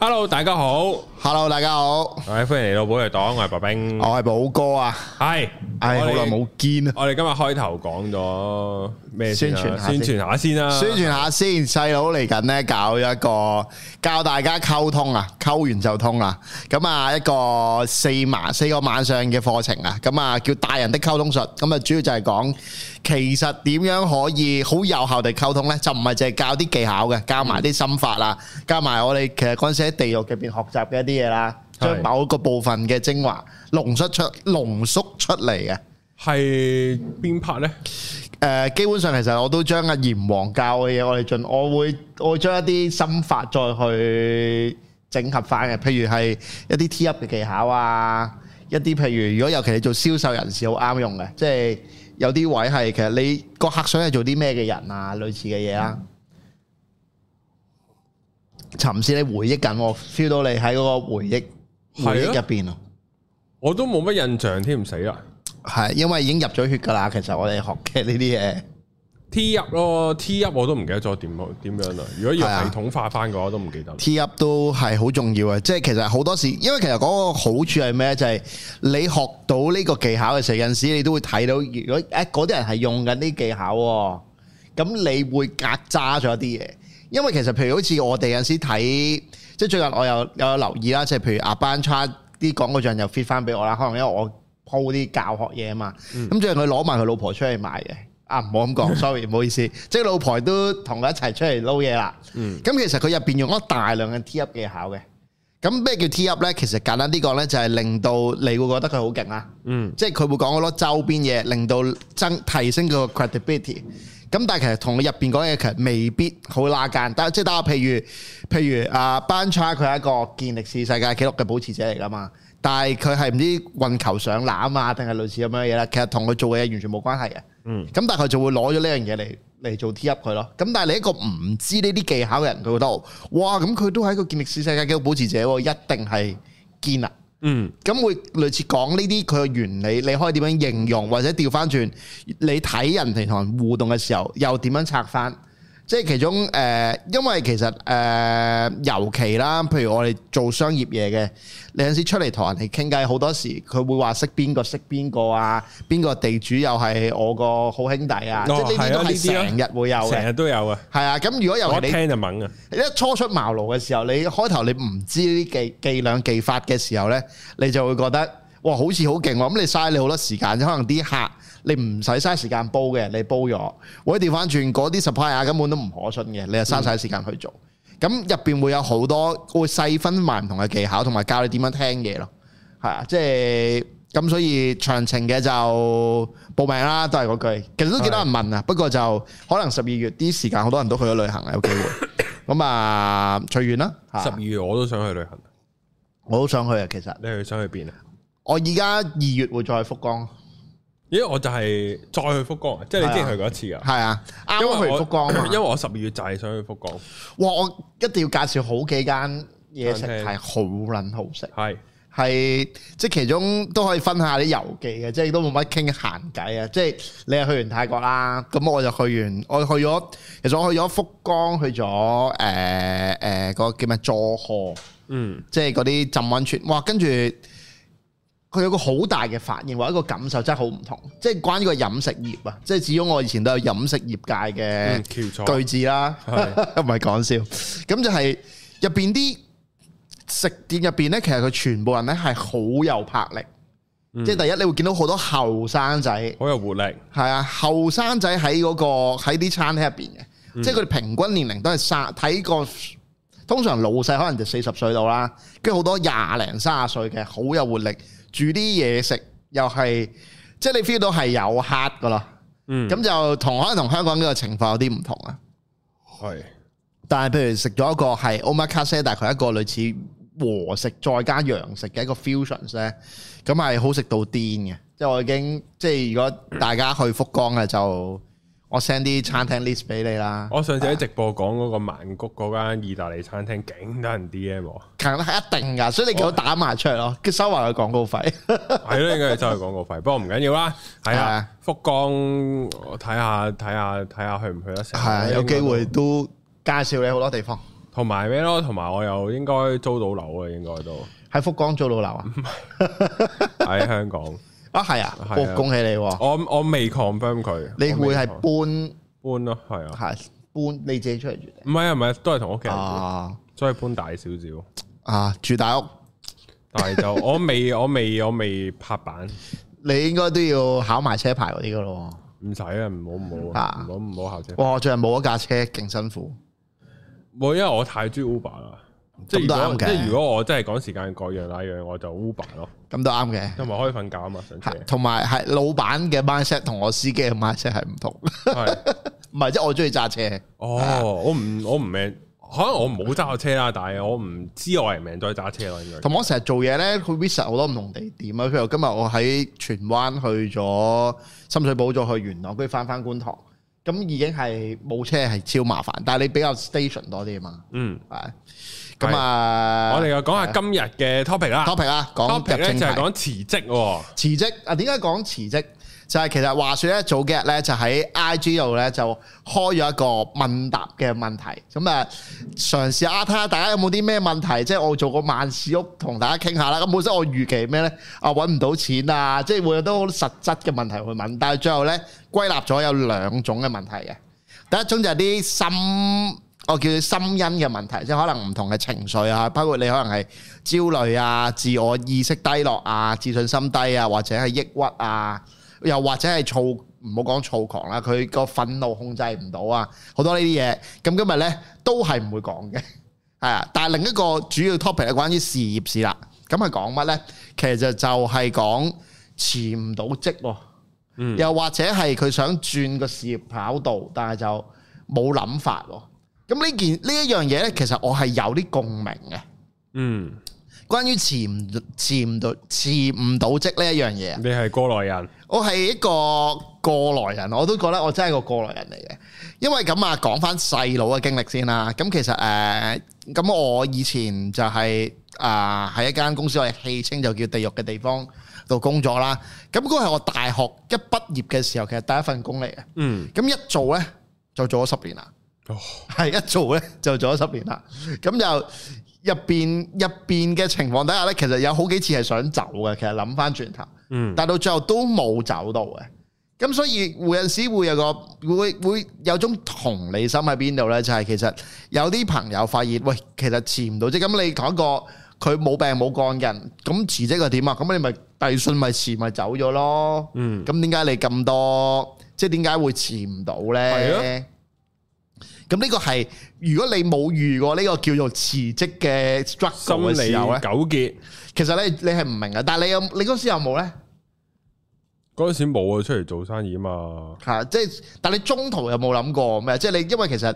Hello，大家好。Hello，大家好。係歡迎嚟到寶藥黨，我係白兵，我係寶哥啊。係，係好耐冇見啊。我哋今日開頭講咗咩？宣傳宣傳下先啦，宣傳下先。細佬嚟緊呢，搞一個教大家溝通啊，溝完就通啦。咁啊，一個四晚四個晚上嘅課程啊，咁啊叫大人的溝通術。咁啊，主要就係講。其實點樣可以好有效地溝通呢？就唔係淨係教啲技巧嘅，教埋啲心法啦，教埋、嗯、我哋其實嗰陣時喺地獄入邊學習嘅一啲嘢啦，將某個部分嘅精華濃縮出濃縮出嚟嘅係邊拍呢？誒、呃，基本上其實我都將阿閻王教嘅嘢我哋盡，我會我會將一啲心法再去整合翻嘅，譬如係一啲 T up 嘅技巧啊，一啲譬如如果尤其你做銷售人士好啱用嘅，即係。有啲位係其實你個客想係做啲咩嘅人啊，類似嘅嘢啦。尋先你回憶緊我 feel 到你喺嗰個回憶的回憶入邊啊，我都冇乜印象添，唔死啊！係因為已經入咗血噶啦，其實我哋學嘅呢啲嘢。T 入咯，T 入我都唔記得咗點點樣啦。如果要系統化翻嘅話，的我都唔記得。T 入都係好重要嘅，即係其實好多時，因為其實講個好處係咩就係、是、你學到呢個技巧嘅時候，陣時你都會睇到，如果誒嗰啲人係用緊呢技巧，咁你會夾渣咗啲嘢。因為其實譬如好似我哋有陣時睇，即係最近我有有留意啦，即、就、係、是、譬如阿 Brian Cha 啲廣告匠又 fit 翻俾我啦。可能因為我鋪啲教學嘢啊嘛，咁最近佢攞埋佢老婆出去賣嘅。啊，唔好咁講，sorry，唔好意思。 即係老婆都同佢一齊出嚟撈嘢啦。嗯。咁其實佢入邊用咗大量嘅 T up 技巧嘅。咁咩叫 T up 咧？其實簡單啲講咧，就係令到你會覺得佢好勁啦。嗯。即係佢會講好多周邊嘢，令到增提升佢個 credibility。咁但係其實同佢入邊講嘢其實未必好拉近。但係即係打個譬如，譬如啊 Brian Cha 佢係一個健力士世界紀錄嘅保持者嚟㗎嘛。但係佢係唔知運球上籃啊，定係類似咁樣嘢啦。其實同佢做嘅嘢完全冇關係嘅。嗯。咁但係佢就會攞咗呢樣嘢嚟嚟做 T up 佢咯。咁但係你一個唔知呢啲技巧嘅人佢覺得：「哇！咁佢都係一個健力士世界嘅保持者，一定係堅啊。」嗯。咁會類似講呢啲佢嘅原理，你可以點樣形容，或者調翻轉你睇人哋同人互動嘅時候，又點樣拆翻？即係其中誒、呃，因為其實誒、呃，尤其啦、呃，譬如我哋做商業嘢嘅，你有陣時出嚟同人哋傾偈，好多時佢會話識邊個識邊個啊，邊個地主又係我個好兄弟啊，哦、即係呢啲都係成日會有，成日、啊、都有啊。係啊，咁如果有人聽就猛嘅。一初出茅廬嘅時候，你開頭你唔知呢啲技伎倆技法嘅時候咧，你就會覺得。哇，好似好勁喎！咁你嘥你好多時間，可能啲客你唔使嘥時間煲嘅，你煲咗。我調翻轉，嗰啲 supply 啊根本都唔可信嘅，你又嘥晒時間去做。咁入邊會有好多會細分埋唔同嘅技巧，同埋教你點樣聽嘢咯。係啊，即係咁，所以詳情嘅就報名啦，都係嗰句。其實都幾多人問啊，是的 不過就可能十二月啲時間好多人都去咗旅行啊，有機會。咁啊，隨緣啦。十二月我都想去旅行， 我都想去啊。其實你去想去邊啊？我而家二月會再去福岡，因為我就係再去福岡，即係你之前去過一次啊。係啊，啱去福岡啊，因為我十二月就係想去福岡。哇，我一定要介紹好幾間嘢食係好捻好食。係係 Okay. 是，即係其中都可以分下啲遊記嘅，即係都冇乜傾閒偈啊。即係你係去完泰國啦，咁我就去完，我去咗，其實我去咗福岡，去咗誒誒，嗰、呃呃嗰個叫咩？佐賀，嗯，即係嗰啲浸溫泉。哇，跟住。佢有個好大嘅發現，或者一個感受，真係好唔同。即係關於個飲食業啊，即係始終我以前都有飲食業界嘅句子啦，唔係講笑。咁就係入邊啲食店入邊呢，其實佢全部人呢係好有魄力。嗯、即係第一，你會見到好多後生仔，好有活力。係啊，後生仔喺嗰個喺啲餐廳入邊嘅，嗯、即係佢哋平均年齡都係三睇個，通常老細可能就四十歲度啦，跟住好多廿零、三十歲嘅，好有活力。煮啲嘢食又係，即係你 feel 到係有客噶啦，咁、嗯、就同香同香港呢個情況有啲唔同啊。係是，但係譬如食咗一個係 Omakase，但係佢一個類似和食再加洋食嘅一個 fusion 咧，咁、嗯、係好食到癲嘅，即係我已經即係如果大家去福岡嘅就。我 send 啲餐廳 list 俾你啦。我上次喺直播講嗰個曼谷嗰間意大利餐廳，勁多人 DM 喎。梗係一定㗎，所以你叫我打埋出嚟咯，收埋佢廣告費。係咯，應該係收佢廣告費。不過唔緊要啦。係啊，福岡，我睇下睇下睇下去唔去得成。係啊，有機會都介紹你好多地方。同埋咩咯？同埋我又應該租到樓嘅，應該都喺福岡租到樓啊？喺香港。啊，係啊，我恭喜你喎！我我未 confirm 佢。你會係搬搬咯，係啊，係搬你自己出嚟住？唔係啊，唔係都係同屋企人住，再搬大少少啊，住大屋。但係就我未，我未，我未拍板。你應該都要考埋車牌嗰啲噶咯？唔使啊，唔好唔好，唔好唔好考車。哇！最近冇一架車，勁辛苦。冇，因為我太中意 Uber 啦。即係如，如果我真係趕時間，改樣那樣，我就 Uber 咯。咁都啱嘅，因為可以瞓覺啊嘛，上車。同埋係老闆嘅 mindset 同我司機嘅 mindset 係唔同。係唔係即係我中意揸車。哦，的我唔我唔明，可能我冇揸過車啦，嗯、但係我唔知我係咪中意揸車啊。我同我成日做嘢咧，去 visit 好多唔同地點啊。譬如今日我喺荃灣去咗深水埗，再去元朗，跟住翻翻觀塘，咁已經係冇車係超麻煩。但係你比較 station 多啲啊嘛。嗯，係。咁啊，我哋又講下今日嘅 topic 啦。topic 啊，講 topic 咧就係講辭職。辭職啊，點解講辭職？就係其實話說咧，早幾日咧就喺 IG 度咧就開咗一個問答嘅問題。咁啊，嘗試啊睇下大家有冇啲咩問題，即係我做個萬事屋同大家傾下啦。咁本身我預期咩咧？啊，搵唔到錢啊，即係會有好多好實質嘅問題去問。但係最後咧歸納咗有兩種嘅問題嘅。第一種就係啲心。我叫佢心因嘅問題，即係可能唔同嘅情緒啊，包括你可能係焦慮啊、自我意識低落啊、自信心低啊，或者係抑鬱啊，又或者係躁，唔好講躁狂啦，佢個憤怒控制唔到啊，好多呢啲嘢。咁今日呢都係唔會講嘅，係啊。但係另一個主要 topic 咧，關於事業事啦，咁係講乜呢？其實就係講辭唔到職，嗯，又或者係佢想轉個事業跑道，但係就冇諗法喎。咁呢件呢一樣嘢咧，其實我係有啲共鳴嘅。嗯，關於辭唔辭唔到辭唔到職呢一樣嘢，你係過來人，我係一個過來人，我都覺得我真係個過來人嚟嘅。因為咁啊，講翻細佬嘅經歷先啦。咁其實誒，咁我以前就係誒喺一間公司，我係戲稱就叫地獄嘅地方度工作啦。咁嗰係我大學一畢業嘅時候，其實第一份工嚟嘅。嗯，咁一做咧就做咗十年啦。係一做咧就做咗十年啦，咁就入邊入邊嘅情況底下咧，其實有好幾次係想走嘅，其實諗翻轉頭，嗯，但到最後都冇走到嘅，咁所以胡任師會有個會會有種同理心喺邊度咧？就係、是、其實有啲朋友發現，喂，其實辭唔到職，咁你講一個佢冇病冇乾嘅人，咁辭職又點啊？咁你咪遞信咪辭咪走咗咯？嗯，咁點解你咁多？即係點解會辭唔到咧？咁呢個係如果你冇遇過呢個叫做辭職嘅 structure 嘅理由，咧，糾結。其實咧，你係唔明啊。但係你有你嗰時有冇咧？嗰陣時冇啊，出嚟做生意啊嘛。嚇！即係，但係你中途有冇諗過咩？即係你因為其實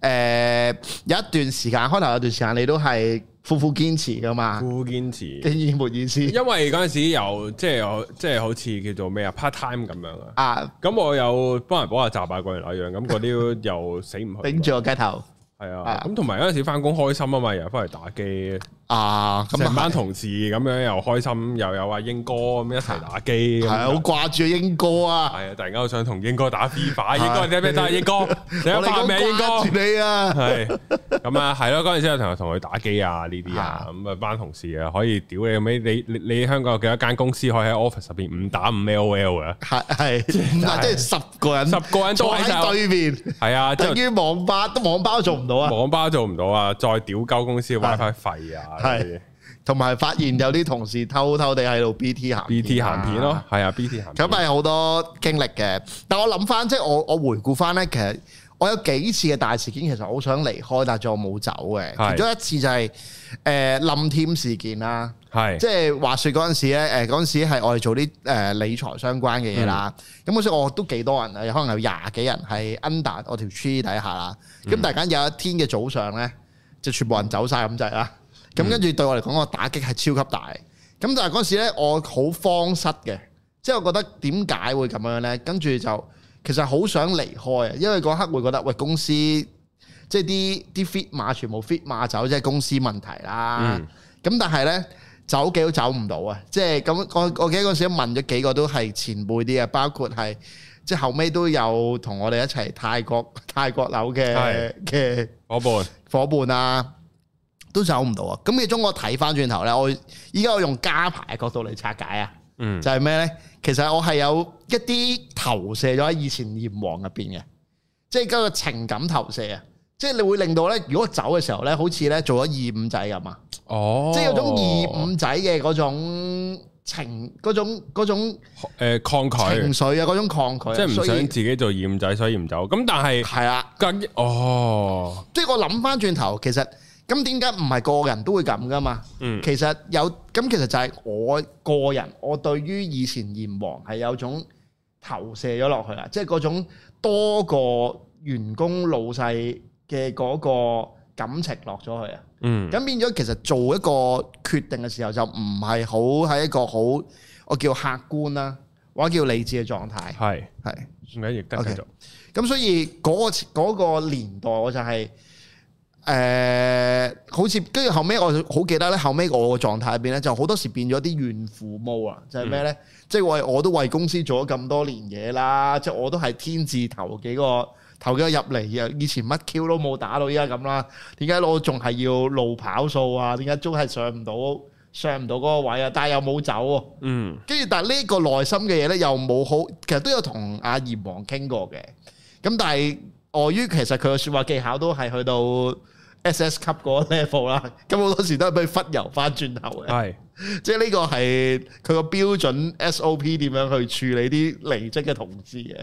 誒有一段時間，開頭有一段時間你都係。苦苦堅持噶嘛，苦苦堅持，竟然沒意思。因為嗰陣時有即係即係好似叫做咩啊 part time 咁樣啊。咁我又幫人補下習，過嚟一樣，咁嗰啲又死唔去，頂住個街頭。係啊，咁同埋嗰陣時翻工開心啊嘛，又翻嚟打機。啊！成班同事咁樣又開心，又有阿英哥咁一齊打機，係啊，好掛住阿英哥啊！係啊，突然間想同英哥打 FIFA。英哥你咩？但英哥，你發咩？英哥，你啊！係咁啊，係咯，嗰陣時有同同佢打機啊，呢啲啊，咁啊，班同事啊，可以屌你，咁你你香港有幾多間公司可以喺 office 入邊五打五 L O L 啊？係即係十個人，十個人都喺對面，係啊，等於網吧都網吧做唔到啊，網吧做唔到啊，再屌鳩公司嘅 wifi 費啊！係，同埋發現有啲同事偷偷地喺度 B T 行 B T 行片咯，係啊 B T 行，咁咪好多經歷嘅。但係我諗翻即係我我回顧翻咧，其實我有幾次嘅大事件，其實好想離開，但係我冇走嘅。其中一次就係誒冧添事件啦，係即係話說嗰陣時咧，誒嗰陣時係我哋做啲誒理財相關嘅嘢啦。咁所以我都幾多人啊，可能有廿幾人喺 under 我條 tree 底下啦。咁突然間有一天嘅早上咧，就全部人走晒咁滯啦。咁跟住對我嚟講，個打擊係超級大嘅。咁但係嗰時咧，我好慌失嘅，即係我覺得點解會咁樣咧？跟住就其實好想離開啊，因為嗰刻會覺得喂公司，即係啲啲 fit 碼全部 fit 碼走，即係公司問題啦。咁但係咧，走幾都走唔到啊！即係咁，我我記得嗰時問咗幾個都係前輩啲嘅，包括係即係後尾都有同我哋一齊泰國泰國樓嘅嘅夥伴夥伴啊！都走唔到啊！咁你中我睇翻轉頭咧，我依家我，我用家排嘅角度嚟拆解啊，嗯、就係咩咧？其實我係有一啲投射咗喺以前炎黃入邊嘅，即係嗰個情感投射啊！即係你會令到咧，如果我走嘅時候咧，好似咧做咗二五仔咁啊！哦，即係有種二五仔嘅嗰種情，嗰種種誒、呃、抗拒情緒啊，嗰種抗拒，即係唔想自己做二五仔，所以唔以走。咁但係係啊，跟哦，即係我諗翻轉頭，其實。咁點解唔係個人都會咁㗎嘛？其實有咁，其實就係我個人，我對於以前炎黃係有種投射咗落去啊，即係嗰種多個員工老細嘅嗰個感情落咗去啊。嗯，咁變咗其實做一個決定嘅時候，就唔係好喺一個好我叫客觀啦，或者叫理智嘅狀態。係係，咁亦得繼續。咁所以嗰個嗰個年代，我就係。誒、呃，好似跟住後尾，我好記得咧。後尾我個狀態入邊咧，就好多時變咗啲怨婦毛啊！就係咩咧？嗯、即係我我都為公司做咗咁多年嘢啦，即係我都係天字頭幾個頭幾個入嚟啊！以前乜 Q 都冇打到，依家咁啦。點解我仲係要路跑數啊？點解都係上唔到上唔到嗰個位啊？但係又冇走喎、啊。嗯。跟住，但係呢個內心嘅嘢咧，又冇好。其實都有同阿閻王傾過嘅。咁但係礙於其實佢嘅説話技巧都係去到。S S 級嗰個 level 啦，咁好多時都係俾佢忽悠翻轉頭嘅。係，即係呢個係佢個標準 S O P 點樣去處理啲離職嘅同事嘅。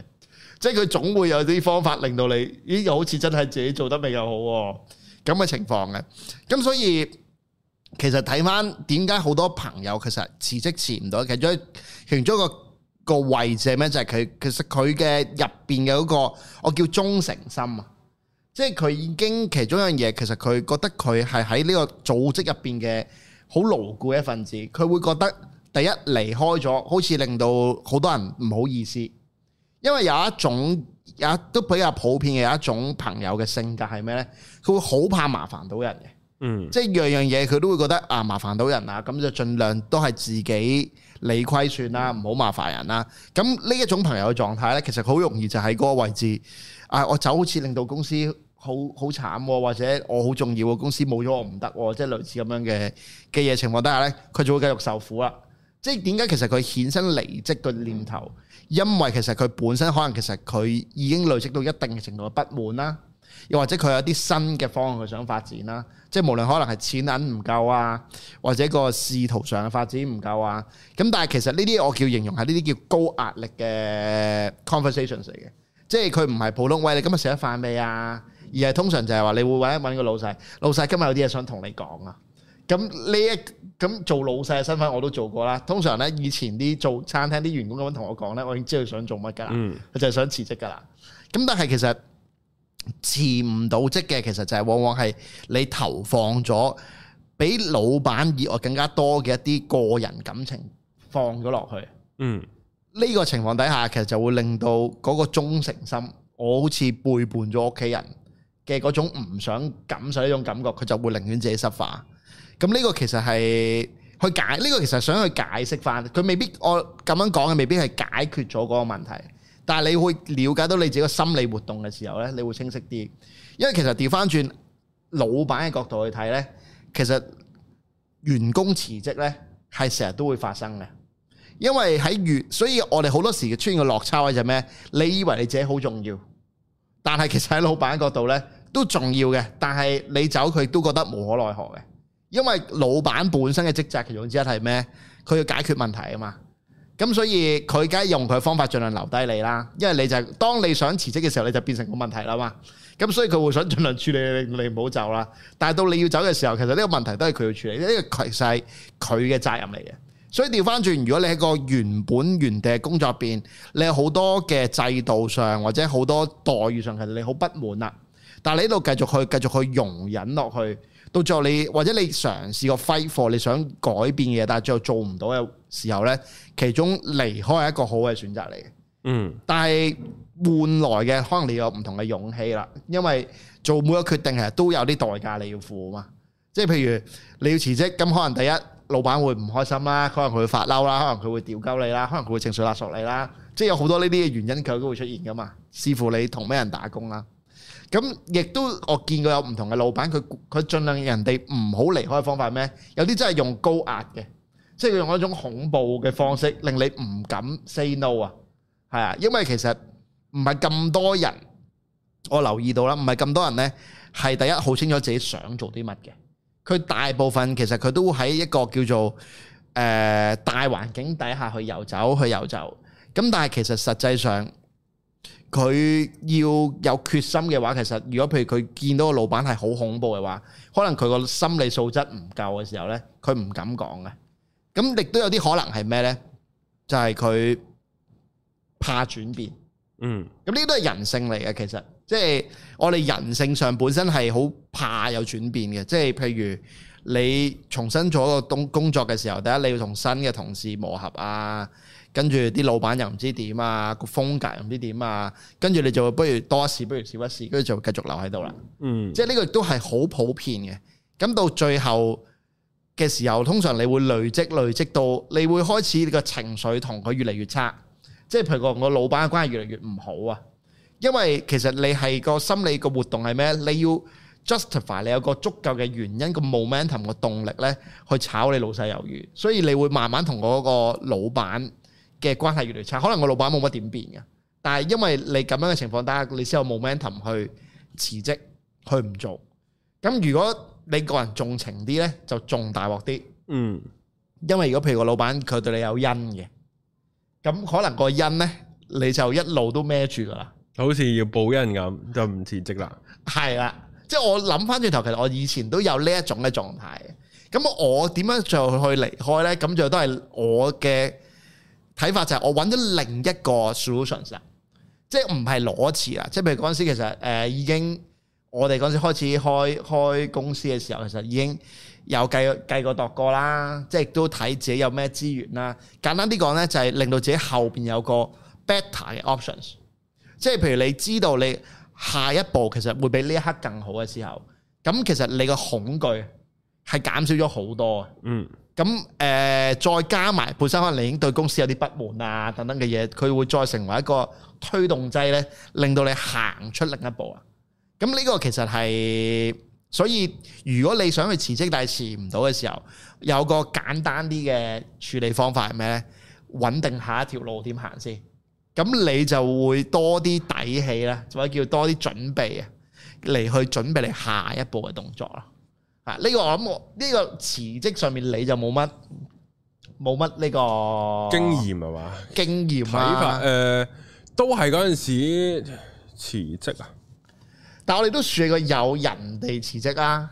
即係佢總會有啲方法令到你，咦，好似真係自己做得未夠好，咁嘅情況嘅，咁所以其實睇翻點解好多朋友其實辭職辭唔到，其中一個個個位置係咩？就係佢其實佢嘅入邊嘅嗰個，我叫忠誠心啊。即係佢已經，其中一樣嘢，其實佢覺得佢係喺呢個組織入邊嘅好牢固嘅一份子。佢會覺得第一離開咗，好似令到好多人唔好意思。因為有一種，有都比較普遍嘅有一種朋友嘅性格係咩呢？佢會好怕麻煩到人嘅。嗯，即係樣樣嘢佢都會覺得啊，麻煩到人啦，咁就盡量都係自己理虧算啦，唔好麻煩人啦。咁呢一種朋友嘅狀態呢，其實好容易就喺嗰個位置。啊！我就好似令到公司好好慘喎、啊，或者我好重要，公司冇咗我唔得喎，即係類似咁樣嘅嘅嘢情況底下呢，佢就會繼續受苦啦、啊。即係點解其實佢衍生離職嘅念頭？因為其實佢本身可能其實佢已經累積到一定程度嘅不滿啦、啊，又或者佢有啲新嘅方向佢想發展啦、啊。即係無論可能係錢銀唔夠啊，或者個仕途上嘅發展唔夠啊。咁但係其實呢啲我叫形容係呢啲叫高壓力嘅 conversations 嚟嘅。即係佢唔係普通喂，你今日食咗飯未啊？而係通常就係話你會揾一揾個老細，老細今日有啲嘢想同你講啊。咁呢一咁做老細嘅身份我都做過啦。通常呢，以前啲做餐廳啲員工咁樣同我講呢，我已經知道佢想做乜噶啦。嗯，佢就係想辭職噶啦。咁但係其實辭唔到職嘅，其實就係往往係你投放咗比老闆以外更加多嘅一啲個人感情放咗落去。嗯。呢個情況底下，其實就會令到嗰個忠誠心，我好似背叛咗屋企人嘅嗰種唔想感受呢種感覺，佢就會寧願自己 suffer。咁呢個其實係去解，呢、呢個其實想去解釋翻，佢未必我咁樣講嘅未必係解決咗嗰個問題。但係你會了解到你自己嘅心理活動嘅時候呢，你會清晰啲。因為其實調翻轉老闆嘅角度去睇呢，其實員工辭職呢係成日都會發生嘅。因為喺越，所以我哋好多時出現嘅落差位就係咩？你以為你自己好重要，但係其實喺老闆角度呢都重要嘅。但係你走佢都覺得無可奈何嘅，因為老闆本身嘅職責其中之一係咩？佢要解決問題啊嘛。咁所以佢梗係用佢方法盡量留低你啦。因為你就係、是、當你想辭職嘅時候，你就變成個問題啦嘛。咁所以佢會想盡量處理你唔好走啦。但係到你要走嘅時候，其實呢個問題都係佢要處理，呢個其實係佢嘅責任嚟嘅。所以調翻轉，如果你喺個原本原地嘅工作邊，你有好多嘅制度上或者好多待遇上係你好不滿啦。但係你喺度繼續去繼續去容忍落去，到最後你或者你嘗試過 fight for，你想改變嘅嘢，但係最後做唔到嘅時候呢，其中離開係一個好嘅選擇嚟嘅。嗯，但係換來嘅可能你有唔同嘅勇氣啦，因為做每個決定其實都有啲代價你要付啊嘛。即係譬如你要辭職，咁可能第一。老闆會唔開心啦，可能佢會發嬲啦，可能佢會屌鳩你啦，可能佢會情緒勒索你啦，即係有好多呢啲嘅原因，佢都會出現㗎嘛。視乎你同咩人打工啦，咁亦都我見過有唔同嘅老闆，佢佢盡量人哋唔好離開嘅方法咩？有啲真係用高壓嘅，即係用一種恐怖嘅方式令你唔敢 say no 啊，係啊，因為其實唔係咁多人，我留意到啦，唔係咁多人呢，係第一好清楚自己想做啲乜嘅。佢大部分其實佢都喺一個叫做誒大環境底下去遊走，去遊走。咁但係其實實際上，佢要有決心嘅話，其實如果譬如佢見到個老闆係好恐怖嘅話，可能佢個心理素質唔夠嘅時候呢，佢唔敢講嘅。咁亦都有啲可能係咩呢？就係佢怕轉變。嗯，咁呢啲都係人性嚟嘅，其實。即係我哋人性上本身係好怕有轉變嘅，即係譬如你重新做一個工工作嘅時候，第一你要同新嘅同事磨合啊，跟住啲老闆又唔知點啊，個風格又唔知點啊，跟住你就會不如多一事不如少一事，跟住就繼續留喺度啦。嗯，即係呢個都係好普遍嘅。咁到最後嘅時候，通常你會累積累積到，你會開始你個情緒同佢越嚟越差，即係譬如我我老闆嘅關係越嚟越唔好啊。因為其實你係個心理個活動係咩？你要 justify，你有個足夠嘅原因、個 momentum 個動力咧，去炒你老細魷魚。所以你會慢慢同嗰個老闆嘅關係越嚟越差。可能個老闆冇乜點變嘅，但係因為你咁樣嘅情況底下，你先有 momentum 去辭職，去唔做。咁如果你個人重情啲咧，就重大鑊啲。嗯，因為如果譬如個老闆佢對你有恩嘅，咁可能個恩咧你就一路都孭住㗎啦。好似要報恩咁，就唔辭職啦。係啦，即係我諗翻轉頭，其實我以前都有呢一種嘅狀態。咁我點樣就去離開呢？咁就都、是、係我嘅睇法就係我揾咗另一個 solutions，即係唔係裸辭啊！即係譬如嗰陣時，其實誒、呃、已經我哋嗰陣時開始開開公司嘅時候，其實已經有計計過度過啦。即係都睇自己有咩資源啦。簡單啲講呢，就係、是、令到自己後邊有個 better 嘅 options。即係譬如你知道你下一步其實會比呢一刻更好嘅時候，咁其實你個恐懼係減少咗好多啊。嗯。咁誒、呃，再加埋本身可能你已經對公司有啲不滿啊等等嘅嘢，佢會再成為一個推動劑呢，令到你行出另一步啊。咁呢個其實係，所以如果你想去辭職但係辭唔到嘅時候，有個簡單啲嘅處理方法係咩呢？穩定下一條路點行先。咁你就會多啲底氣啦，或者叫多啲準備啊，嚟去準備你下一步嘅動作咯。啊，呢個我諗，呢個辭職上面你就冇乜冇乜呢個經驗係嘛？經驗睇法、呃、都係嗰陣時辭職啊。但係我哋都算過有人哋辭職啦、啊，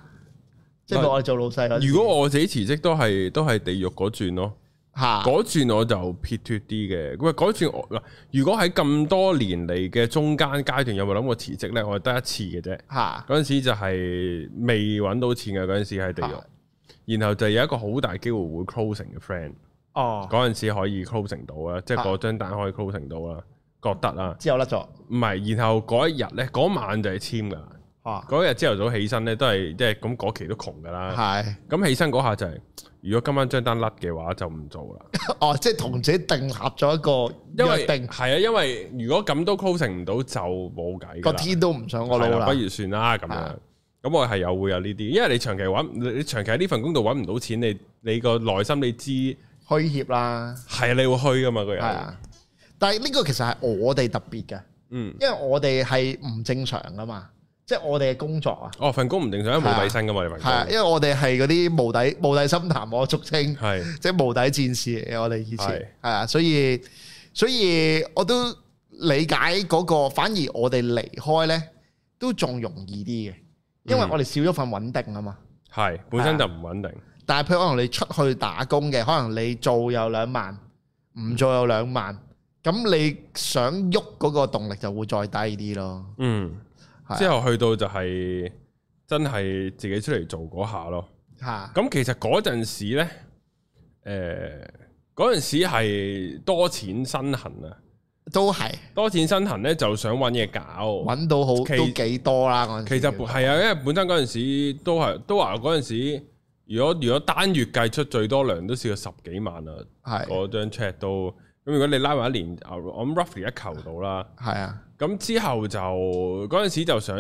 是即係我哋做老細嗰。如果我自己辭職都係都係地獄嗰轉咯。哈，改轉我就撇脱啲嘅。喂，轉我，如果喺咁多年嚟嘅中間階段，有冇諗過辭職咧？我係得一次嘅啫。哈的，嗰陣時就係未揾到錢嘅嗰陣時喺地獄，的然後就有一個好大機會會 closing 嘅 friend。哦，嗰陣時可以 closing 到啊，即係嗰張單可以 closing 到啦。的覺得啊，之後甩咗。唔係，然後嗰一日咧，嗰晚就係簽噶。啊的，嗰日朝頭早起身咧，都係即係咁嗰期都窮噶啦。係的，咁起身嗰下就係、是。如果今晚張單甩嘅話，就唔做啦。哦，即係同自己定立咗一個約定，係啊，因為如果咁都 closing 唔到，就冇計啦。個天都唔想我做啦，哦。不如算啦，咁樣。咁、啊、我係有會有呢啲，因為你長期揾，你長期喺呢份工度揾唔到錢，你你個內心你知虛怯啦。係啊，你會虛噶嘛個人。係啊，但係呢個其實係我哋特別嘅，嗯，因為我哋係唔正常噶嘛。即係我哋嘅工作啊！哦，份工唔定想，因為冇底薪㗎嘛，你份工係啊，因為我哋係嗰啲無底無底深潭，我俗稱係即係無底戰士嚟，我哋以前係啊，所以所以我都理解嗰個，反而我哋離開呢都仲容易啲嘅，因為我哋少咗份穩定啊嘛。係本身就唔穩定，但係譬如可能你出去打工嘅，可能你做有兩萬，唔做有兩萬，咁你想喐嗰個動力就會再低啲咯。嗯。之後去到就係真係自己出嚟做嗰下咯，咁的其實嗰陣時咧，誒嗰陣時係多錢身痕啊，都係是多錢身痕咧，就想揾嘢搞，揾到好實都幾多啦嗰陣時，其實係啊，因為本身嗰陣時都係都話嗰陣時，如果如果單月計出最多糧都試過十幾萬啊，嗰的張 check 都。如果你拉埋一年，我我 roughly 一球到啦，係啊。咁之後就嗰陣時就想，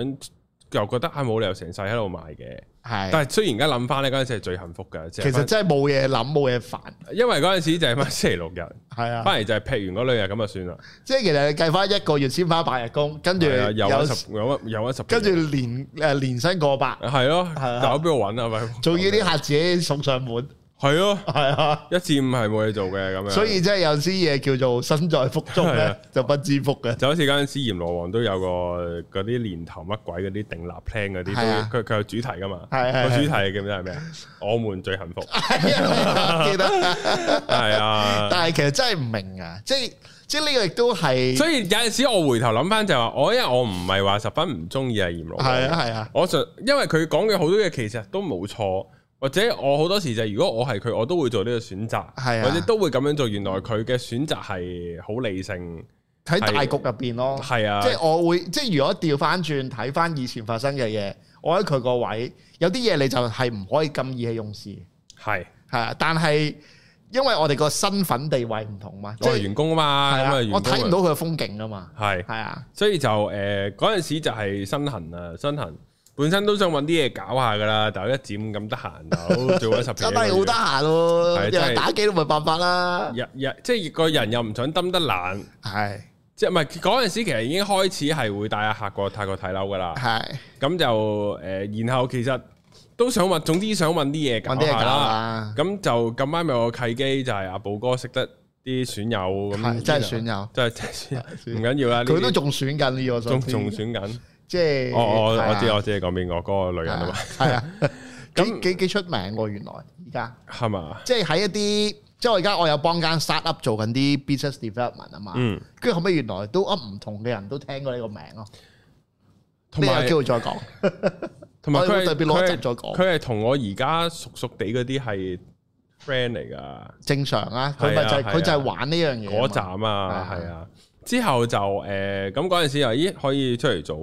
又覺得啊冇理由成世喺度賣嘅，係、啊。但係雖然而家諗翻咧，嗰陣時係最幸福嘅，其實真係冇嘢諗，冇嘢煩。因為嗰陣時就係返星期六日，係啊，翻嚟就係劈完嗰兩日咁就算啦、啊。即係其實你計翻一個月先翻八日工，跟住，又有十有有十，跟住年誒年薪過百，係咯，搞邊度搵啊？咪仲要啲客自己送上門。 係咯，係啊，一至五係冇嘢做嘅咁樣。所以即係有啲嘢叫做身在福中咧，就不知福嘅。就好似嗰陣時閻羅王都有個嗰啲年頭乜鬼嗰啲定立 plan 嗰啲，佢佢有主題噶嘛？係個主題叫咩？係咩啊？我們最幸福記得係啊！但係其實真係唔明啊！即係即係呢個亦都係。所以有陣時我回頭諗翻就係話，我因為我唔係話十分唔中意阿閻羅王。係啊係啊，我就因為佢講嘅好多嘢其實都冇錯。或者我好多時就如果我係佢，我都會做呢個選擇，啊、或者都會咁樣做。原來佢嘅選擇係好理性，喺大局入邊咯。係啊，即係我會即係如果調翻轉睇翻以前發生嘅嘢，我喺佢個位，有啲嘢你就係唔可以咁意氣用事。係係啊，啊，但係因為我哋個身份地位唔同嘛，即係、啊、員工啊嘛，啊我睇唔到佢嘅風景啊嘛。係係啊，啊所以就誒嗰陣時就係身痕啊身痕。本身都想揾啲嘢搞下噶啦，但係一漸咁得閒就做咗十幾。加班好得閒喎，打機都唔係辦法啦。即係個人又唔想蹲得懶，係即係唔係嗰陣時其實已經開始係會帶下客過泰國睇樓噶啦。係咁就誒，然後其實都想揾，總之想揾啲嘢搞下啦。咁就咁啱咪我契機，就係阿寶哥識得啲損友咁，真係損友，真係真損友，唔緊要啦。佢都仲選緊呢個，仲仲選緊。即係我我我知我知講邊個嗰個女人啊嘛，係啊，幾幾幾出名喎，原來而家係嘛，即係喺一啲即係我而家我有幫間 startup 做緊啲 business development 啊嘛，嗯，跟住後尾，原來都噏唔同嘅人都聽過呢個名咯，同埋有機會再講，同埋佢特別攞一集再講，佢係同我而家熟熟地嗰啲係 friend 嚟噶，正常啊，佢咪就係佢就係玩呢樣嘢嗰站啊，係啊。之後就誒，咁嗰陣時又咦可以出嚟做，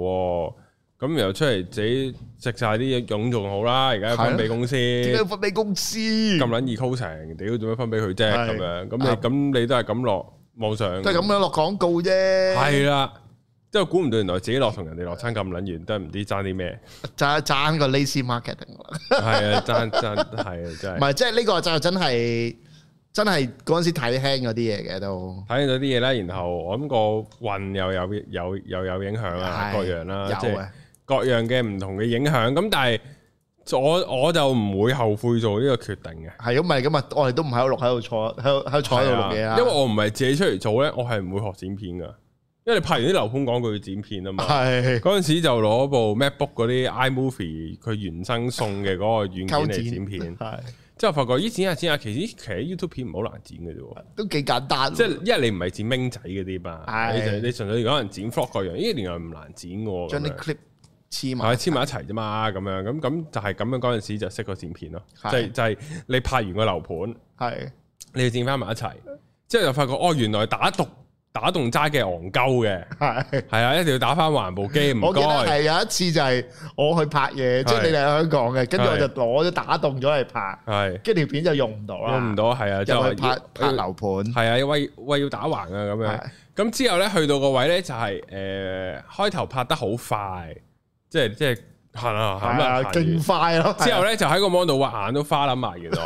咁然後出嚟自己食晒啲嘢，樣仲好啦。而家要分俾公司，點解要分俾公司咁卵易抽成，屌點樣分俾佢啫？咁樣咁你咁你都係咁落網上，都係咁樣落廣告啫。係啦，即係估唔到原來自己落同人哋落差咁卵遠，都係唔知爭啲咩，爭爭個 lazy marketing 啦。係啊，爭爭係啊，真係。唔係即係呢個就真係。真係嗰陣時睇輕嗰啲嘢嘅都睇輕啲嘢啦，然後我諗個運又有有又有，有影響啊，是各樣啦，有的各樣嘅唔同嘅影響。咁但係我我就唔會後悔做呢個決定嘅。係咁，唔係咁啊，我哋都唔喺度錄，喺度坐，喺喺坐度錄嘢啊。因為我唔係自己出嚟做咧，我係唔會學剪片噶。因為你拍完啲樓盤講句要剪片啊嘛。係嗰陣時就攞部 MacBook 嗰啲 iMovie，佢原生送嘅嗰個軟件嚟剪片。係 戰。之後我發覺咦，剪下剪下，其實其實 YouTube 片唔好難剪嘅啫，都幾簡單。即係因為你唔係剪明仔嗰啲嘛，你是你純粹如果人剪 Vlog 嗰樣，咦，原來唔難剪嘅喎。將啲 clip 黐埋，黐埋一齊啫嘛，咁樣咁咁就係咁樣，嗰陣時就識個剪片咯是、就係。就就係、係你拍完個樓盤，係是你要剪翻埋一齊。之後就發覺哦，原來打獨。打動揸嘅戇鳩嘅，係係啊，一定要打翻橫部機。唔，我記得係有一次就係我去拍嘢，即係你哋喺香港嘅，跟住我就攞咗打動咗去拍，跟住條片就用唔到啦。用唔到，係啊，就去拍拍樓盤。係啊，喂喂要打橫啊咁樣。咁之後咧，去到個位咧就係誒開頭拍得好快，即係即係係啊係啊，勁快咯。之後咧就喺個模度畫眼都花啦埋原來。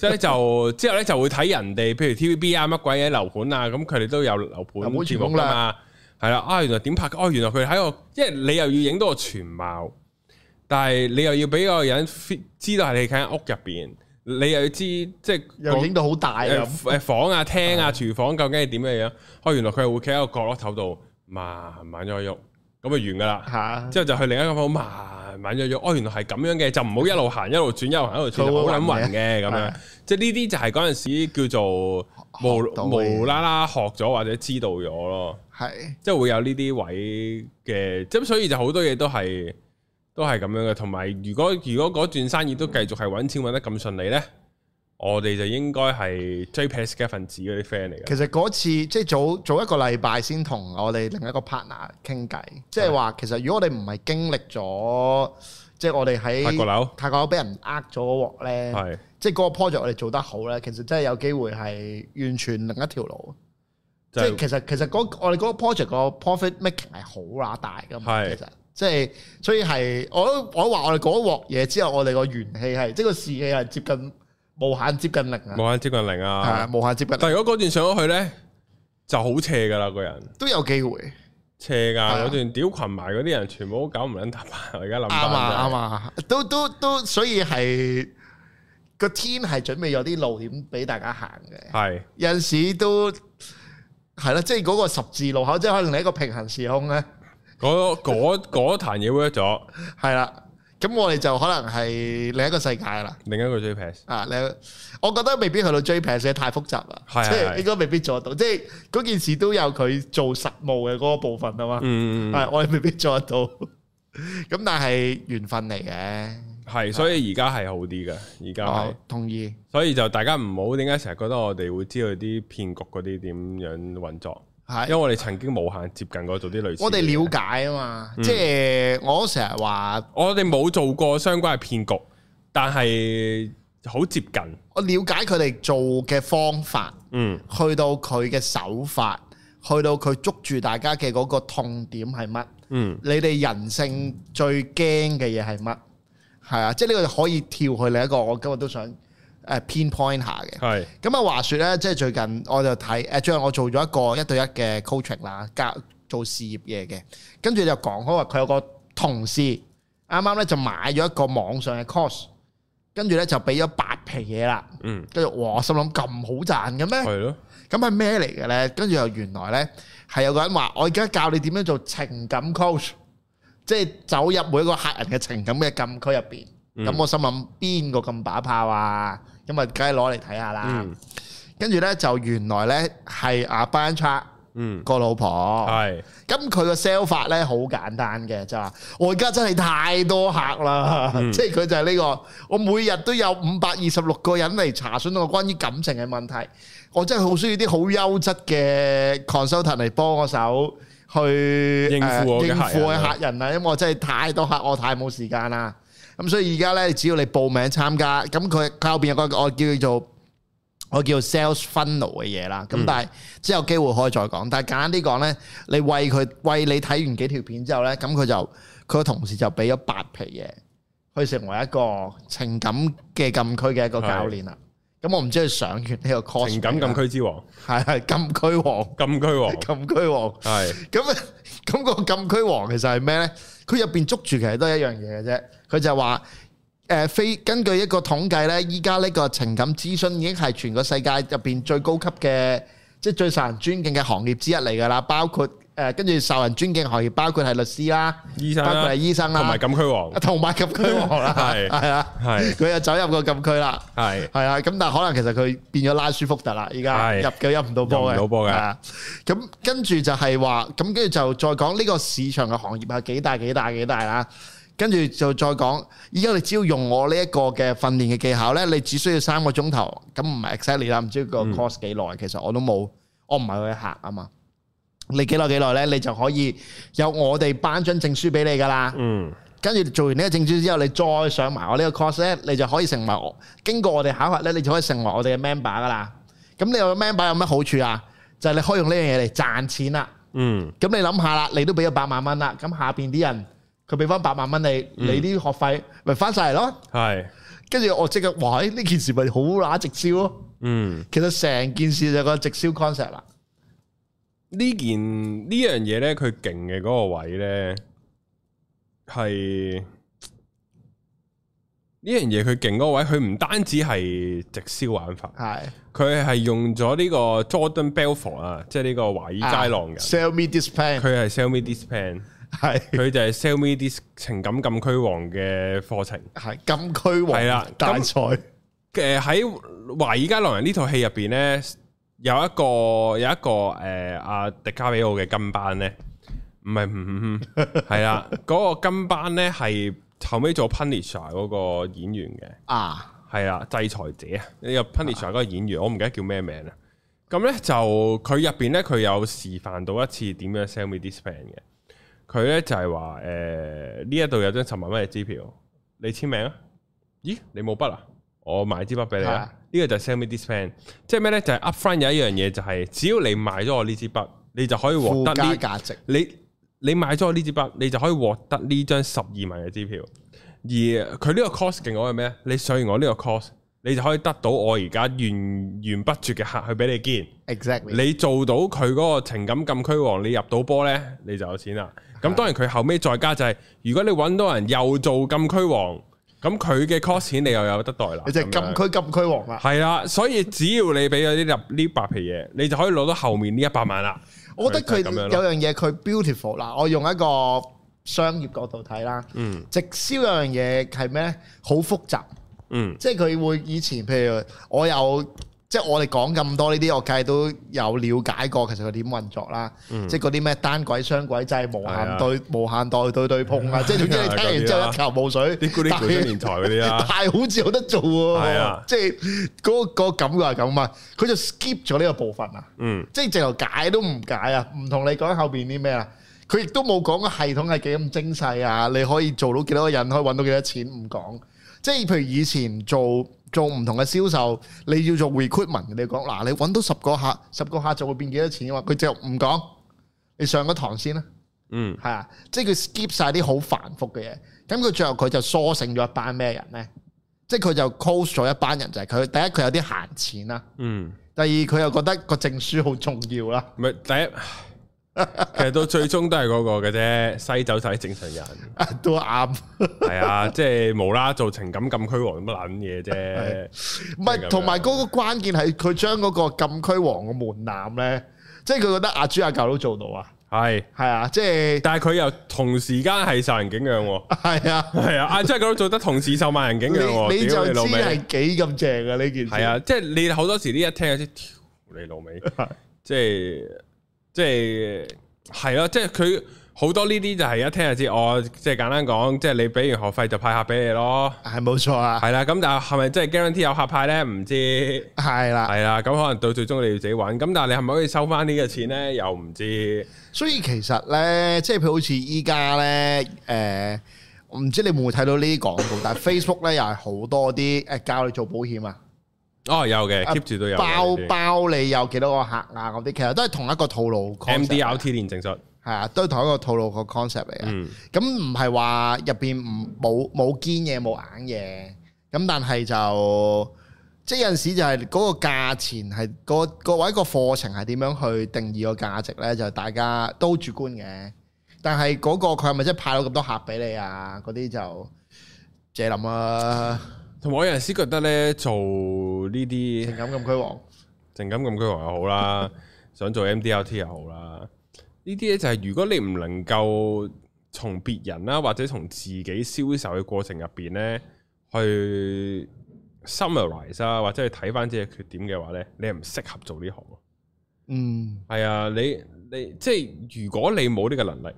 即係就之後咧就會睇人哋，譬如 T V B 啊乜鬼嘢樓盤啊，咁佢哋都有樓盤節目噶、啊、嘛，係啦的啊原來點拍？哦原來佢喺個即係你又要影到個全貌，但係你又要俾個人知道係你企喺屋入邊，你又要知即係、就係嗰個、又影到好大、呃、房啊廳啊 廚房究竟係點嘅樣？哦的原來佢係會企喺個角落頭度慢慢喐喐。咁就完噶啦，啊、之後就去另一間房，慢慢咗咗，哦，原來係咁樣嘅，就唔好一路行一路轉，一路行一路轉，好撚暈嘅咁樣。的即係呢啲就係嗰陣時叫做無無啦啦學咗或者知道咗咯，係的即係會有呢啲位嘅，即所以就好多嘢都係都係咁樣嘅。同埋如果如果嗰段生意都繼續係揾錢揾得咁順利咧。我哋就應該係 JPEX 嘅一份子，嗰啲 friend 嚟嘅。其實嗰次即係、就是、早早一個禮拜先同我哋另一個 partner 傾偈，即係話，其實如果我哋唔係經歷咗，即、就、係、是、我哋喺泰國樓泰國樓俾人呃咗鑊咧，是的 即係嗰個 project 我哋做得好咧，其實真係有機會係完全另一條路。就是 即係其實其實嗰我哋嗰個 project 個 profit making 係好拉大噶，其實即係所以係我我話我哋嗰鑊嘢之後，我哋個元氣係即係個士氣係接近。無限接近零啊，啊，啊！無限接近零的啊！係無限接近。但係如果嗰段上咗去咧，就好斜噶啦，個人都有機會斜噶。有段屌群埋嗰啲人，全部都搞唔甩，我而家諗翻就啱啊！啱啊！就是、啊都都都，所以係個天係準備有啲路點俾大家行嘅。係是有陣時都係啦，即係嗰個十字路口，即係可能你一個平衡時空咧。嗰嗰嗰壇嘢 work 咗，係、那、啦、個。那個 咁我哋就可能係另一個世界啦，另一個 JPS 啊，我我覺得未必去到 JPS，太複雜啦，是是是即係應該未必做得到，即係嗰件事都有佢做實務嘅嗰個部分啊嘛，係、嗯、我哋未必做得到，咁但係緣分嚟嘅，係是的所以而家係好啲嘅，而家係同意，所以就大家唔好點解成日覺得我哋會知道啲騙局嗰啲點樣運作。係，因為我哋曾經無限接近過做啲類似我、嗯。我哋了解啊嘛，即係我成日話，我哋冇做過相關嘅騙局，但係好接近。我了解佢哋做嘅方法，嗯，去到佢嘅手法，去到佢捉住大家嘅嗰個痛點係乜？嗯，你哋人性最驚嘅嘢係乜？係啊，即係呢個可以跳去另一個，我今日都想。Pain point 下嘅，係咁啊！嗯、話説咧，即係最近我就睇最近我做咗一個一對一嘅 coaching 啦，教做事業嘢嘅，跟住就講開話佢有個同事啱啱咧就買咗一個網上嘅 course，跟住咧就俾咗八皮嘢啦。嗯，跟住我心諗咁好賺嘅咩？係咯的，咁係咩嚟嘅咧？跟住又原來咧係有個人話我而家教你點樣做情感 coach，即係走入每一個客人嘅情感嘅禁區入邊。咁、嗯、我心諗邊個咁把炮啊？咁咪梗係攞嚟睇下啦，跟住呢，就原來呢係阿 Brian Cha 嗯個老婆係，咁佢個 sell 法呢，好簡單嘅，就話、是、我而家真係太多客啦，嗯、即係佢就係呢、呢個，我每日都有五百二十六個人嚟查詢我關於感情嘅問題，我真係好需要啲好優質嘅 consultant 嚟幫我手去應付應付我客人啊，呃、人因為我真係太多客，我太冇時間啦。咁所以而家呢，只要你報名參加，咁佢後邊有個我叫做我叫 sales funnel 嘅嘢啦。咁、嗯、但係之後有機會可以再講。但係簡單啲講呢，你為佢為你睇完幾條片之後呢，咁佢就佢個同事就俾咗八皮嘢，去成為一個情感嘅禁區嘅一個教練啦。咁是我唔知佢上完呢個 course 情感禁區之王，係係禁區王，禁區王，禁區王，係咁是咁個禁區王其實係咩呢？佢入邊捉住其實都係一樣嘢嘅啫。佢就係話，呃，非根據一個統計呢，依家呢個情感諮詢已經係全個世界入邊最高級嘅，即係最受人尊敬嘅行業之一嚟㗎啦，包括。誒，跟住受人尊敬行業包括係律師啦，包括係醫生啦，同埋禁區王，同埋禁區王啦，係係啊係佢又走入個禁區啦，係係啊，咁但係可能其實佢變咗拉舒福特啦，而家入就入唔到波嘅，入唔到波嘅，咁跟住就係話，咁跟住就再講呢個市場嘅行業係幾大幾大幾大啦，跟住就再講，而家你只要用我呢一個嘅訓練嘅技巧咧，你只需要三個鐘頭，咁唔係 excellent 啦，唔知個 course 幾耐，其實我都冇，我唔係去客啊嘛。你幾耐幾耐咧？你就可以有我哋頒張證書俾你噶啦。嗯，跟住做完呢個證書之後，你再上埋我個呢個 course 咧你就可以成為我經過我哋考核咧，你就可以成為我哋嘅 member 噶啦。咁你,你有 member 有乜好處啊？就係、是、你可以用呢樣嘢嚟賺錢啦。嗯，咁你諗下啦，你都俾咗八萬蚊啦，咁下邊啲人佢俾翻八萬蚊你，你啲學費咪翻晒嚟咯？係、嗯。跟住我即刻話，呢、欸、件事咪好乸直銷咯？嗯，其實成件事就個直銷 concept 啦。呢件呢樣嘢咧，佢勁嘅嗰個位咧，係呢樣嘢佢勁嗰個位，佢唔單止係直銷玩法，係佢係用咗呢個 Jordan Belford 啊，即係呢個華爾街狼嘅 Sell Me This Pen，佢係 Sell Me This Pen，係佢就係 Sell Me This 情感禁區王嘅課程，係禁區王係啦大賽，誒喺華爾街狼人呢套戲入邊咧。有一個有一個誒阿、呃、迪卡比奧嘅跟班咧，唔係唔係啦，嗰、 嗰個跟班咧係後尾做 Punisher 嗰個演員嘅啊，係啦，制裁者呢入、呢個、Punisher 嗰個演員，啊、我唔記得叫咩名啦。咁咧就佢入邊咧佢有示範到一次點樣 sell me this pen 嘅，佢咧就係話誒呢一度有張十萬蚊嘅支票，你簽名啊？咦，你冇筆啊？我買支筆俾你，呢的個就 sell me this pen，即係咩呢？就係、是、up front 有一樣嘢、就是，就係只要你買咗我呢支筆，你就可以獲得附加價值。你你買咗我呢支筆，你就可以獲得呢張十二萬嘅支票。而佢呢個 cost 勁我係咩？你上完我呢個 cost，你就可以得到我而家源源不絕嘅客去俾你見。Exactly，你做到佢嗰個情感禁區王，你入到波呢，你就有錢啦。咁當然佢後尾再加就係、是，如果你搵到人又做禁區王。咁佢嘅 cost 你又有得代拿，你就係禁區禁區王啦。係啦、啊，所以只要你俾咗啲入呢百皮嘢，你就可以攞到後面呢一百萬啦。我覺得佢有樣嘢佢 beautiful 啦，我用一個商業角度睇啦。嗯，直銷有樣嘢係咩？好複雜。嗯，即係佢會以前譬如我有。即係我哋講咁多呢啲，我梗係都有了解過，其實佢點運作啦？嗯、即係嗰啲咩單軌雙軌制無限對是、啊、無限對對對碰啊！是啊即係總之你聽完之後一頭霧水。啲嗰啲股年台嗰啲啊但是，啊但係是、啊、好似有得做喎。啊，是啊即係嗰、嗰個、嗰個感覺係咁啊。佢就 skip 咗呢個部分啊。嗯、即係直頭解都唔解啊，唔同你講後邊啲咩啊。佢亦都冇講個系統係幾咁精細啊，你可以做到幾多個人，可以揾到幾多錢，唔講。即係譬如以前做。做唔同嘅銷售，你要做 recruitment、啊。你講嗱，你揾到十個客，十個客就會變幾多錢啊？嘛，佢就唔講。你上個堂先啦。嗯，係啊，即係佢 skip 晒啲好繁複嘅嘢。咁佢最後佢就疏醒咗一班咩人呢？即係佢就 close 咗一班人，就係、是、佢第一佢有啲閒錢啦。嗯，第二佢又覺得個證書好重要啦。唔係、嗯、第一。其實到最終都係嗰個嘅啫，西走晒正常人，都啱。係啊，即係無啦，做情感禁區王乜撚嘢啫？唔係，同埋嗰個關鍵係佢將嗰個禁區王嘅門檻咧，即係佢覺得阿豬阿狗都做到啊？係係啊，即係。但係佢又同時間係受人景仰，係啊係啊，阿豬阿狗都做得同時受萬人景仰，你就知係幾咁正啊，呢件事，係啊，即係你好多時呢一聽有啲屌你老味，即係。即係係咯，即係佢好多呢啲就係、是、一聽就知，我即係簡單講，即係你俾完學費就派客俾你咯，係冇錯啊，係啦，咁但係係咪即係 guarantee 有客派咧？唔知係啦，係啦的，咁可能到最終你要自己揾，咁但係你係咪可以收翻呢個錢咧？又唔知，所以其實咧，即係譬如好似依家咧，誒、呃，我唔知你會唔會睇到呢啲廣告， 但係 Facebook 咧又係好多啲誒、呃、教你做保險啊。哦，有嘅，keep 住都有。包包你有幾多個客啊？嗰啲其實都係同一個套路 MDRT 認證術係啊，都係同一個套路個 concept 嚟嘅。咁唔係話入邊唔冇冇堅嘢冇硬嘢，咁但係就即係有陣時就係嗰個價錢係各、嗰個、位個課程係點樣去定義個價值咧？就係、大家都主觀嘅。但係嗰、嗰個佢係咪真係派到咁多客俾你啊？嗰啲就借諗啊～同埋我有陣時覺得咧，做呢啲情感禁區王，情感禁區王又好啦， 想做 MDRT 又好啦，呢啲咧就係如果你唔能夠從別人啦，或者從自己銷售嘅過程入邊咧，去 summarise 啊，或者去睇翻自己缺點嘅話咧，你係唔適合做呢行。嗯，係啊，你你即係如果你冇呢個能力。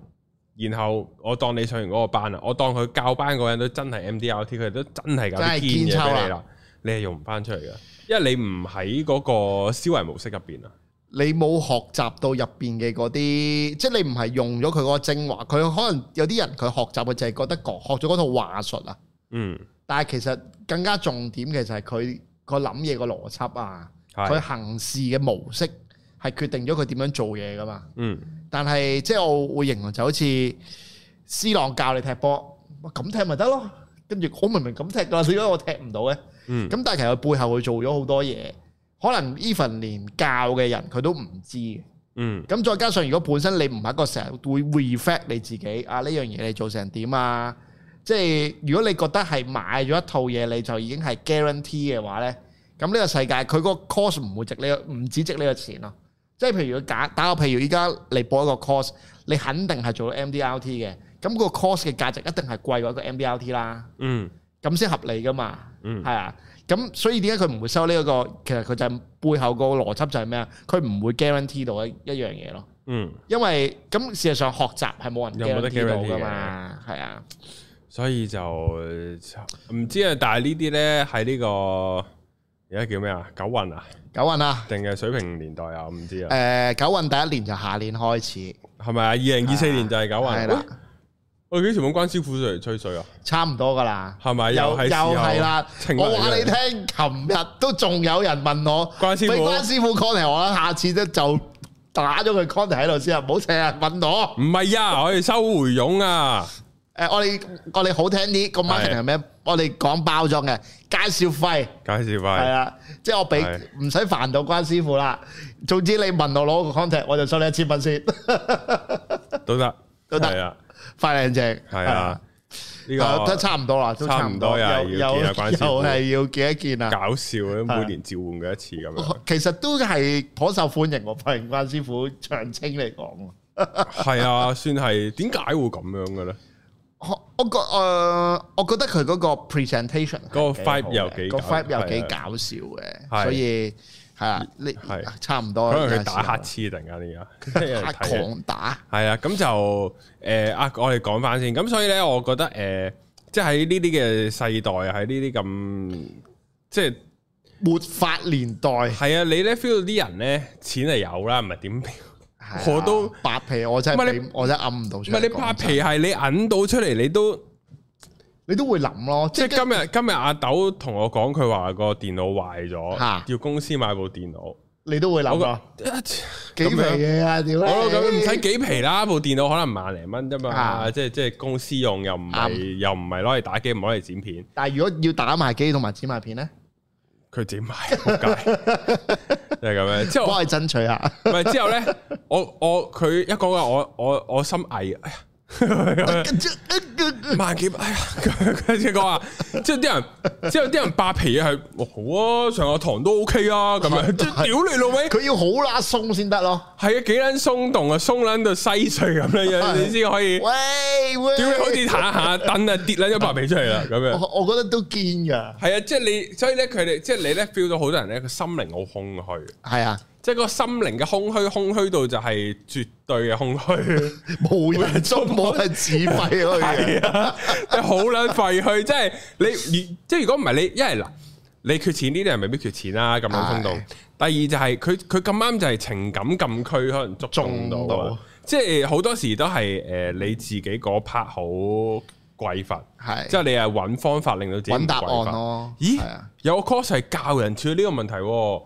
然後我當你上完嗰個班啊，我當佢教班嗰人都真係 MDRT，佢哋都真係咁堅嘢俾你啦，你係用唔返出嚟嘅，因為你唔喺嗰個思維模式入邊啊，你冇學習到入邊嘅嗰啲，即係你唔係用咗佢嗰個精華，佢可能有啲人佢學習嘅就係覺得學咗嗰套話術啊，嗯，但係其實更加重點其實係佢個諗嘢個邏輯啊，佢行事嘅模式。係決定咗佢點樣做嘢噶嘛？嗯，但係即係我會形容，就好似 C 朗教你踢波，哇咁踢咪得咯，跟住好明明咁踢噶啦，點解我踢唔到咧？嗯，咁但係其實佢背後佢做咗好多嘢，可能 Even 連教嘅人佢都唔知嘅。嗯，咁再加上如果本身你唔係一個成日會 reflect 你自己啊，呢樣嘢你做成點啊？即係如果你覺得係買咗一套嘢你就已經係 guarantee 嘅話咧，咁呢個世界佢個 cost 唔會值呢個唔止值呢個錢咯。即係譬如佢假打個譬如依家你報一個 course，你肯定係做到 M D R T 嘅，咁、那個 course 嘅價值一定係貴過一個 M D R T 啦。嗯，咁先合理噶嘛。嗯，係啊。咁所以點解佢唔會收呢、這、一個？其實佢就係背後個邏輯就係咩啊？佢唔會 guarantee 到一一樣嘢咯。嗯，因為咁事實上學習係冇人 guarantee 到噶嘛。係啊，所以就唔知啊。但係呢啲咧喺呢個。而家叫咩啊？九運啊？九運啊？定係水平年代啊？我唔知啊。誒，九運第一年就下年開始。係咪啊？二零二四年就係九運啦。我幾時幫關師傅嚟吹水啊？差唔多噶啦。係咪又又係啦？我話你聽，琴日都仲有人問我，俾關師傅 contact 我，下次咧就打咗佢 contact 喺度先啊！唔好成日問我。唔係啊，我哋收回傭啊！誒，我哋我哋好聽啲個 marketing 係咩？我哋講包裝嘅介紹費，介紹費係啊，即係我俾唔使煩到關師傅啦。總之你問我攞個 contact，我就收你一千蚊先，都得都得，係啊，快靚正係啊，呢個都差唔多啦，都差唔多啊，又又又係要見一見啊，搞笑啊，每年召喚佢一次咁樣，其實都係頗受歡迎。我發現關師傅長青嚟講，係啊，算係點解會咁樣嘅咧？我我覺誒，我覺得佢嗰個 presentation，嗰個 five 又幾，嗰 five 又幾搞笑嘅，所以係啊，呢差唔多。可能佢打乞嗤突然間呢個黑狂打，係啊，咁就誒啊，我哋講翻先。咁所以咧，我覺得誒，即係喺呢啲嘅世代，喺呢啲咁即係沒法年代。係啊，你咧 feel 到啲人咧，錢係有啦，唔係點？我都白皮，我真係唔係你，我真係揞唔到出嚟。唔係你白皮係你揞到出嚟，你都你都會諗咯。即係今日今日阿豆同我講，佢話個電腦壞咗，叫公司買部電腦，你都會諗。幾皮嘢啊屌，好啦，咁唔使幾皮啦。部電腦可能萬零蚊啫嘛，即係即係公司用又唔係又唔係攞嚟打機，唔攞嚟剪片。但係如果要打埋機同埋剪埋片咧？佢點買？點解？ 就係咁樣。之後幫你爭取下，唔係 之後咧，我話我佢一講話，我我我心噏。萬幾百，佢佢只哥啊，即係啲人，即係啲人白皮啊，係，好啊，上個堂都 OK 啊，咁樣、， 啊、樣，屌的你老味，佢要好甩鬆先得咯，係啊，幾捻鬆動啊，鬆捻到西碎咁樣，你先可以，喂，喂，你好似下下等啊跌捻一白皮出嚟啦，咁樣，我我覺得都堅噶，係啊，即係你，所以咧佢哋，即係你咧 feel 到好多人咧個心靈好空虛，係啊。 即係個心靈嘅空虛，空虛度就係絕對嘅空虛，冇咩足，冇係自廢咯，已經 啊， 好撚廢去，即係 你，即係如果唔係你，一係嗱，你缺錢呢啲人未必缺錢啦，咁樣衝動。是第二就係佢，佢咁啱就係情感禁區可能觸中到多即係好多時都係誒、呃、你自己嗰 part 好匱乏，係即係你係揾方法令到自己匱乏咯。啊、咦，有個 course 係教人處理呢個問題喎。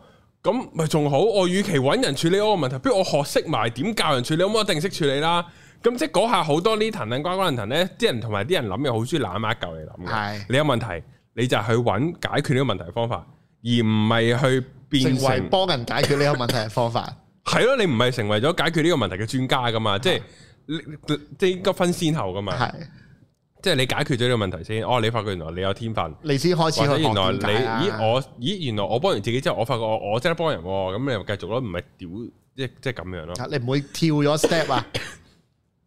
咁咪仲好？我與其揾人處理嗰個問題，不如我學識埋點教人處理，咁我一定識處理啦。咁即係嗰下好多呢騰騰瓜瓜人騰咧，啲人同埋啲人諗嘢好中意攬埋一嚿嚟諗嘅。是你有問題，你就去揾解決呢個問題嘅方法，而唔係去變成，成為幫人解決呢個問題嘅方法。係咯、 啊，你唔係成為咗解決呢個問題嘅專家噶嘛？是即係即係應該分先後噶嘛。即係你解決咗呢個問題先，哦！你發覺原來你有天分，你先開始去學理、啊、咦，我咦，原來我幫完自己之後，我發覺我我真係幫人喎、嗯，你又繼續咯，唔係屌，即即係咁樣咯。你唔會跳咗 step 啊？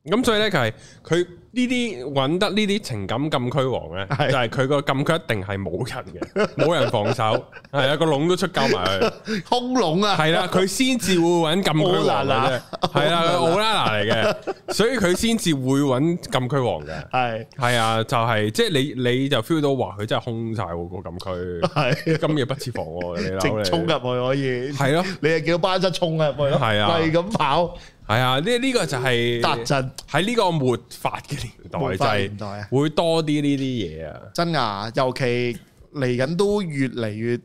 咁、 嗯、所以咧就係佢。呢啲揾得呢啲情感禁區王咧，就係佢個禁區一定係冇人嘅，冇人防守，係啊個籠都出交埋去，空籠啊，係啦，佢先至會揾禁區王嘅啫，係啦，奧嚟嘅，所以佢先至會揾禁區王嘅，係係啊，就係即係你你就 feel 到話佢真係空晒喎個禁區，係今夜不設防喎，你撚嚟，直衝入去可以，係咯，你係叫班巴塞衝入去咯，係啊，係咁跑。係啊，呢、這、呢個就係特質，喺呢個沒法嘅年代，年代就會多啲呢啲嘢啊！真㗎，尤其嚟緊都越嚟越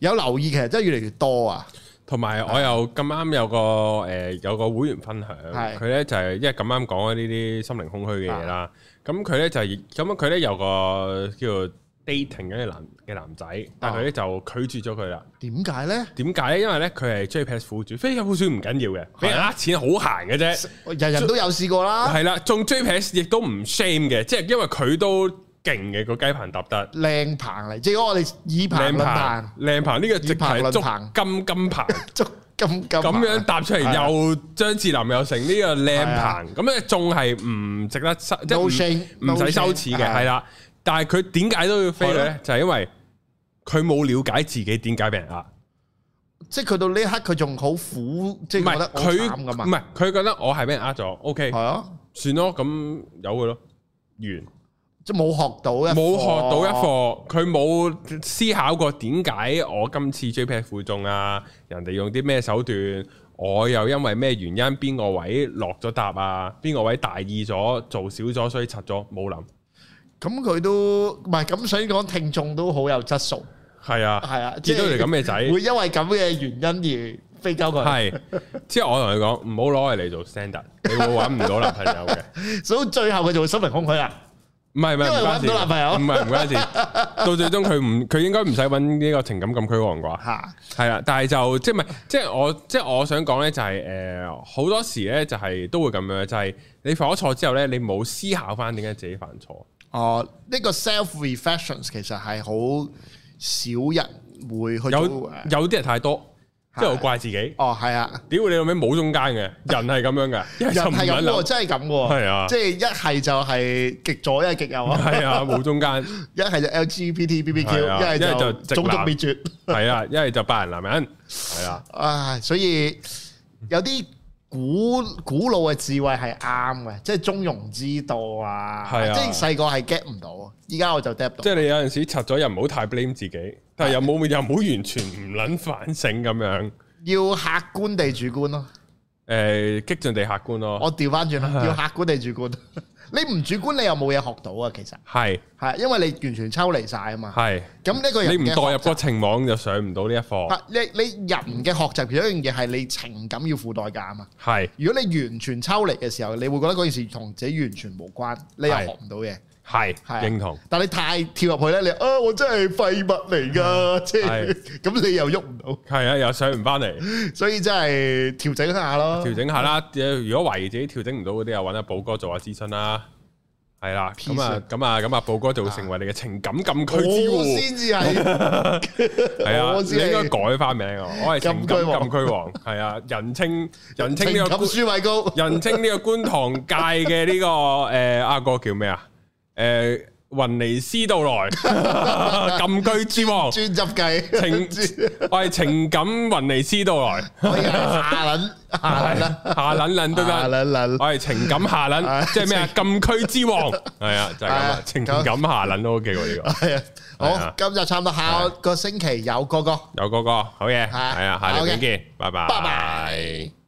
有留意，其實真係越嚟越多啊！同埋我又咁啱有個誒是的、呃、有個會員分享，佢咧是的 就係、是、因為咁啱講緊呢啲心靈空虛嘅嘢啦。咁佢咧就係咁，佢咧有個叫做。dating 嘅男嘅男仔，但係佢咧就拒絕咗佢啦。點解咧？點解咧？因為咧佢係 JPS 苦主，飛級苦主唔緊要嘅，俾人呃錢好閒嘅啫。人人都有試過啦。係啦，中 JPS 亦都唔 shame 嘅，即係因為佢都勁嘅個雞棚搭得靚棚嚟，即係我哋以棚、靚棚、呢個直排竹棚、金金棚、竹金咁樣搭出嚟，又張智霖又成呢個靚棚，咁咧仲係唔值得收，即係唔使羞恥嘅，係啦。但係佢點解都要飛咧？啊、就係因為佢冇了解自己點解俾人呃，即係佢到呢一刻佢仲好苦，即係唔係佢唔係佢覺得我係俾人呃咗，OK，係啊，算咯，咁有嘅咯，完，即係冇學到一冇學到一課，佢冇思考過點解我今次 J P 負重啊，人哋用啲咩手段，我又因為咩原因邊個位落咗答啊，邊個位大意咗做少咗，所以拆咗冇諗。咁佢都唔係咁所以講，聽眾都好有質素，係啊，係啊，接到來咁嘅仔，會因為咁嘅原因而非洲。佢是。係 即係我同佢講，唔好攞嚟做 standard，你會搵唔到男朋友嘅， 所以最後佢就會心靈空虛啦。唔係唔係，唔關事，唔係唔關事。 到最終佢唔佢應該唔使搵呢個情感禁區王啩。吓，係啦，但係就即係唔係即係我即係我想講咧就係誒好多時咧就係都會咁樣就係、是、你犯咗錯之後咧你冇思考翻點解自己犯錯。哦，呢個 self-reflections 其實係好少人會去做嘅。有有啲人太多，即係好怪自己。哦，係啊。屌你有咩冇中間嘅？人係咁樣嘅，人係咁喎，真係咁喎。係啊。即係一係就係極左，一係極右啊。係啊，冇中間。一係就 LGBTBBQ，一係就種族滅絕。係啊，一係就白人男人。係啊。啊，所以有啲。古古老嘅智慧係啱嘅，即係中庸之道啊！是啊，即係細個係 get 唔到，啊，依家我就 get 到。即係你有陣時拆咗又唔好太 blame 自己，但係又冇 又唔好完全唔諗反省咁樣，要客觀地主觀咯，啊。誒、呃，激進地客觀咯，我調翻轉啦，要客觀地主觀。 你唔主觀，你又冇嘢學到啊，其實係係是，因為你完全抽離晒啊嘛。係是，咁呢個人你唔代入個情網，就上唔到呢一課。你你人嘅學習其中一樣嘢係你情感要付代價啊嘛。係是，如果你完全抽離嘅時候，你會覺得嗰件事同自己完全無關，你又學唔到嘢。係認同，但你太跳入去咧，你啊，我真係廢物嚟噶，即係咁你又喐唔到，係啊，又上唔翻嚟，所以真係調整下咯，調整下啦。如果懷疑自己調整唔到嗰啲啊，揾阿寶哥做下諮詢啦，係啦，咁啊，咁啊，咁啊，寶哥就會成為你嘅情感禁區之王，我先至係，係啊，你應該改翻名啊，我係情感禁區王，係啊，人稱人稱呢個錦書米高，人稱呢個觀塘界嘅呢個誒阿哥叫咩啊？誒，云泥絲到來，禁區之王，專輯計情，我係，情感云泥絲到來，下捻下捻下捻捻到啦，我係，情感下捻，即係咩啊？禁區之王，係啊，就係咁啦，情感下捻都 OK 喎，呢個，好，咁就差唔多下個星期有歌歌，有歌歌，好嘢，係啊，下年見，拜拜，拜拜。